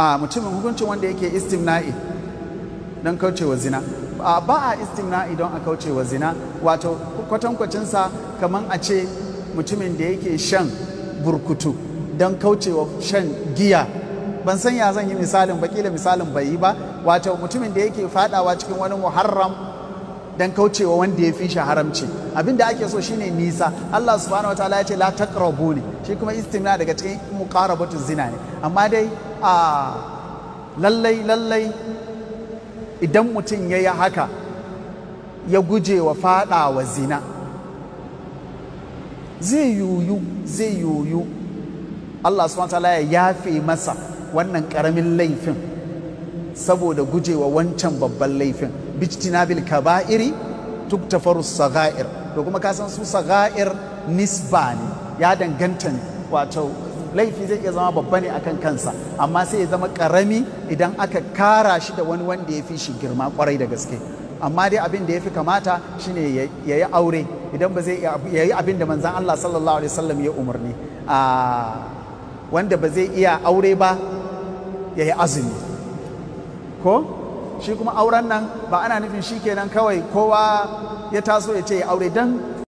a ah, mutumin hukuncin wanda yake istimna'i don kaucewa zina ah, ba a istimna'i don a kaucewa zina wato kwatankwacinsa kamar a ce mutumin da yake shan burkutu don kaucewa shan giya ban san ya zan yi misalin bakila misalin bai yi ba wato mutumin da yake fadawa cikin wani muharram dan kaucewa wanda ya fi shi haramci abin da ake so shine nisa Allah subhanahu wataala ya ce la taqrabu ne shi kuma istimna daga cikin muqarabatu zina ne amma dai a lallai lallai idan mutum ya yi haka ya guje wa fada wa zina zai yuyu zai yuyu Allah subhanahu wataala ya yafe masa wannan karamin laifin saboda gujewa wancan babban laifin bijtinabil kaba'iri tuktafaru sagha'ir to kuma ka san su sagha'ir nisba ne ya danganta ne wato laifi zai iya zama babba ne akan kansa amma sai ya zama karami idan aka kara shi da wani wanda ya fi shi girma kwarai da gaske amma dai abin da ya fi kamata shine ya yi aure idan ba zai ya yi abin da manzan Allah sallallahu alaihi wasallam ya umarni wanda ba zai iya aure ba ya yi azumi ko shi kuma auren nan ba ana nufin shi kenan kawai kowa ya taso ya ce ya aure dan